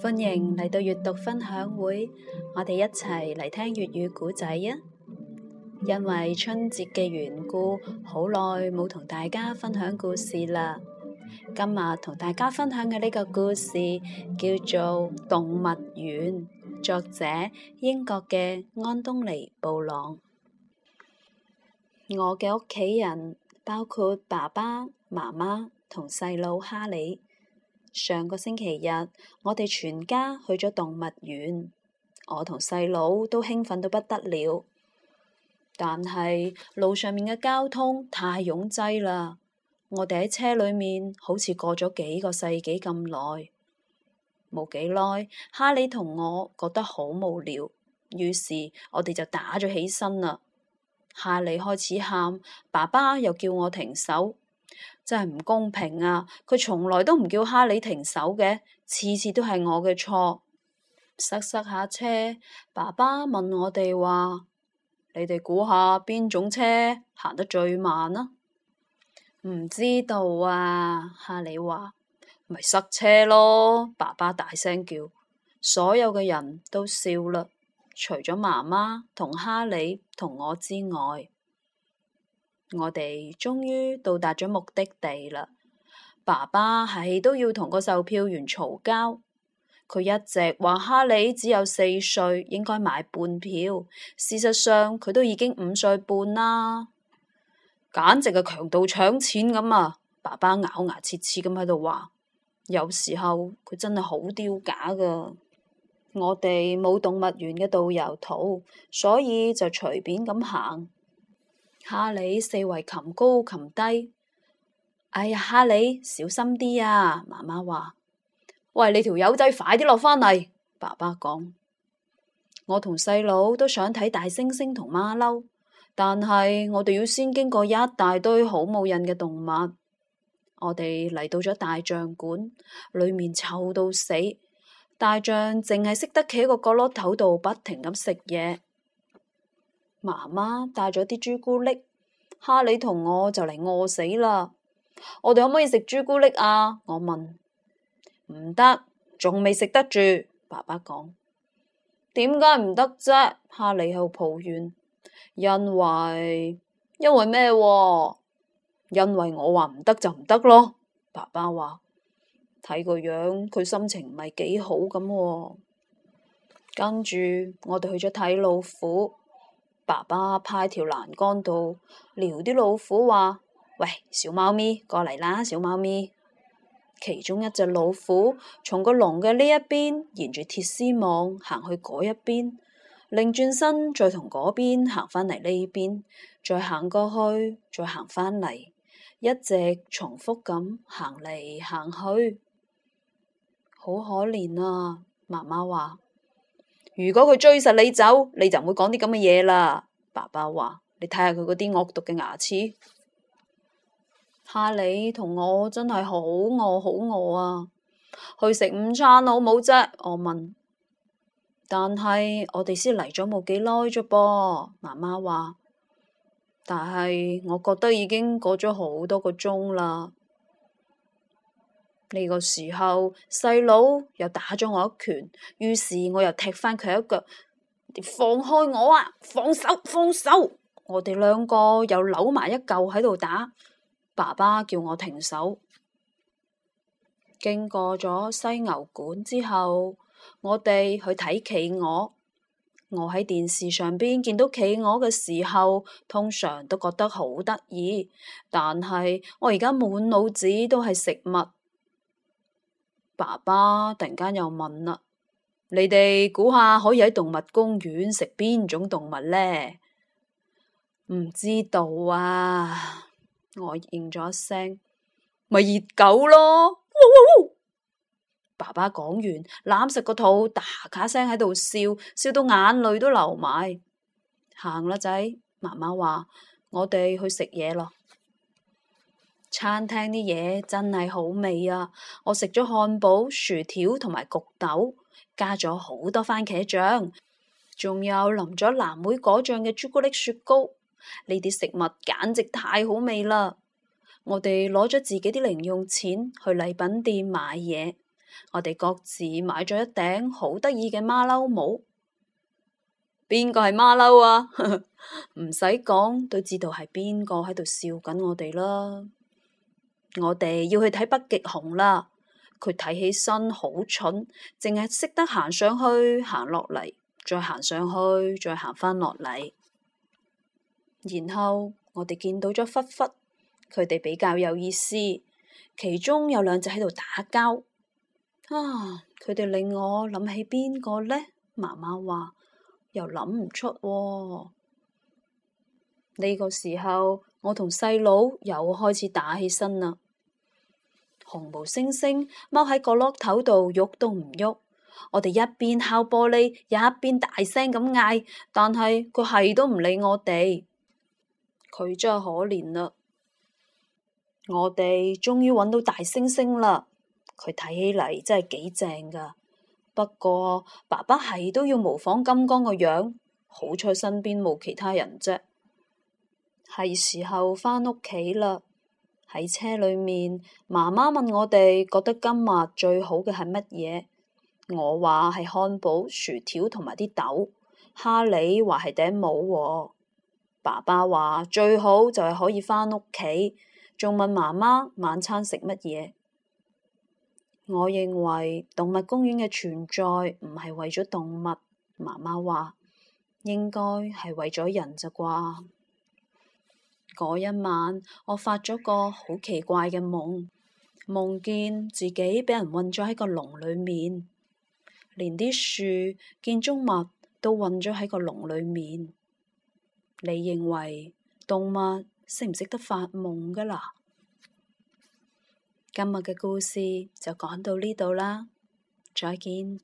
歡迎嚟到閱讀分享會，我哋一齊嚟聽粵語故仔啊！因為春節嘅緣故，好耐冇同大家分享故事啦。今日同大家分享嘅呢個故事叫做《動物園》，作者英國嘅安東尼布朗。我嘅屋企人包括爸爸、媽媽同細佬哈利。上個星期日，我哋全家去咗動物園，我同細佬都興奮到不得了。但係路上面嘅交通太擁擠啦，我哋喺車裏面好似過咗幾個世紀咁耐。冇幾耐，哈利同我覺得好無聊，於是我哋就打咗起身啦。哈利開始喊，爸爸又叫我停手。真係唔公平啊！佢從來都唔叫哈利停手嘅，次次都係我嘅錯。塞塞下車，爸爸問我哋話：你哋估下邊種車行得最慢啊？唔知道啊，哈利話：咪塞車咯！爸爸大聲叫，所有嘅人都笑啦，除咗媽媽同哈利同我之外。我哋終於到達咗目的地啦！爸爸係都要同個售票員嘈交，佢一直話哈利只有四歲，應該買半票。事實上，佢都已經五歲半啦，簡直係強盜搶錢咁啊！爸爸咬牙切齒咁喺度話：有時候佢真係好丟架噶。我哋冇動物園嘅導遊圖，所以就隨便咁行。哈利四圍擒高擒低，哎呀，哈利小心啲啊！媽媽話：喂，你條友仔快啲落返嚟！爸爸講：我同細佬都想睇大猩猩同馬騮，但係我哋要先經過一大堆好冇癮嘅動物。我哋嚟到咗大象館，裏面臭到死，大象淨係識得企喺個角落頭度不停咁食嘢。媽媽帶咗啲朱古力，哈利同我就嚟餓死啦！我哋可唔可以食朱古力啊？我問，唔得，仲未食得住。爸爸講，點解唔得啫？哈利喺度抱怨，因為因為咩？因為我話唔得就唔得咯。爸爸話，睇個樣，佢心情唔係幾好咁。跟住我哋去咗睇老虎。爸爸派條欄杆度撩啲老虎話：喂，小貓咪過嚟啦，小貓咪。其中一隻老虎從個籠嘅呢一邊沿住鐵絲網行去嗰一邊，另轉身再同嗰邊行返嚟呢邊，再行過去，再行返嚟，一直重複咁行嚟行去，好可憐啊！媽媽話。如果佢追實你走，你就唔會講啲咁嘅嘢啦。爸爸話：你睇下佢嗰啲惡毒嘅牙齒。哈利同我真係好餓，好餓啊！去食午餐好冇啫？我問。但係我哋先嚟咗冇幾耐啫噃。媽媽話。但係我覺得已經過咗好多個鐘啦。呢個時候，細佬又打咗我一拳，於是我又踢返佢一腳。你放開我啊！放手，放手！我哋兩個又扭埋一嚿喺度打。爸爸叫我停手。經過咗犀牛館之後，我哋去睇企鵝。我喺電視上邊見到企鵝嘅時候，通常都覺得好得意。但係我而家滿腦子都係食物。爸爸突然間又問啦：你哋估下可以喺動物公園食邊種動物呢？唔知道啊！我應咗一聲，咪熱狗咯！哇哇哇！爸爸講完，攬實個肚，咔咔聲喺度笑，笑到眼淚都流埋。行啦， 仔，媽媽話：我哋去食嘢咯。餐廳啲嘢真係好味啊！我食咗漢堡、薯條同埋焗豆，加咗好多番茄醬，仲有淋咗藍莓果醬嘅朱古力雪糕。呢啲食物簡直太好味啦！我哋攞咗自己啲零用錢去禮品店買嘢，我哋各自買咗一頂好得意嘅馬騮帽。邊個係馬騮啊？唔使講，都知道係邊個喺度笑緊我哋啦！我哋要去睇北極熊啦！佢睇起身好蠢，淨係識得行上去、行落嚟，再行上去，再行返落嚟。然後我哋見到咗狒狒，佢哋比較有意思，其中有兩隻喺度打交。啊！佢哋令我諗起邊個呢？媽媽話又諗唔出喎。呢個時候，我同細佬又開始打起身啦，紅毛猩猩踎喺角落頭度，喐都唔喐。我哋一邊敲玻璃，又一邊大聲咁嗌，但係佢係都唔理我哋，佢真係可憐啦。我哋終於揾到大猩猩啦，佢睇起嚟真係幾正噶。不過爸爸係都要模仿金剛個樣，好彩身邊冇其他人啫。係時候返屋企喇。喺車裏面，媽媽問我哋覺得今日最好嘅係乜嘢？我話係漢堡、薯條同埋啲豆。哈利話係頂帽啊。爸爸話最好就係可以返屋企，仲問媽媽晚餐食乜嘢？我認為動物公園嘅存在唔係為咗動物。媽媽話應該係為咗人咋啩？嗰一晚，我發咗個好奇怪嘅夢，夢見自己俾人困咗喺個籠裏面，連啲樹、建築物都困咗喺個籠裏面。你認為動物識唔識得發夢㗎喇？今日嘅故事就講到呢度啦，再見。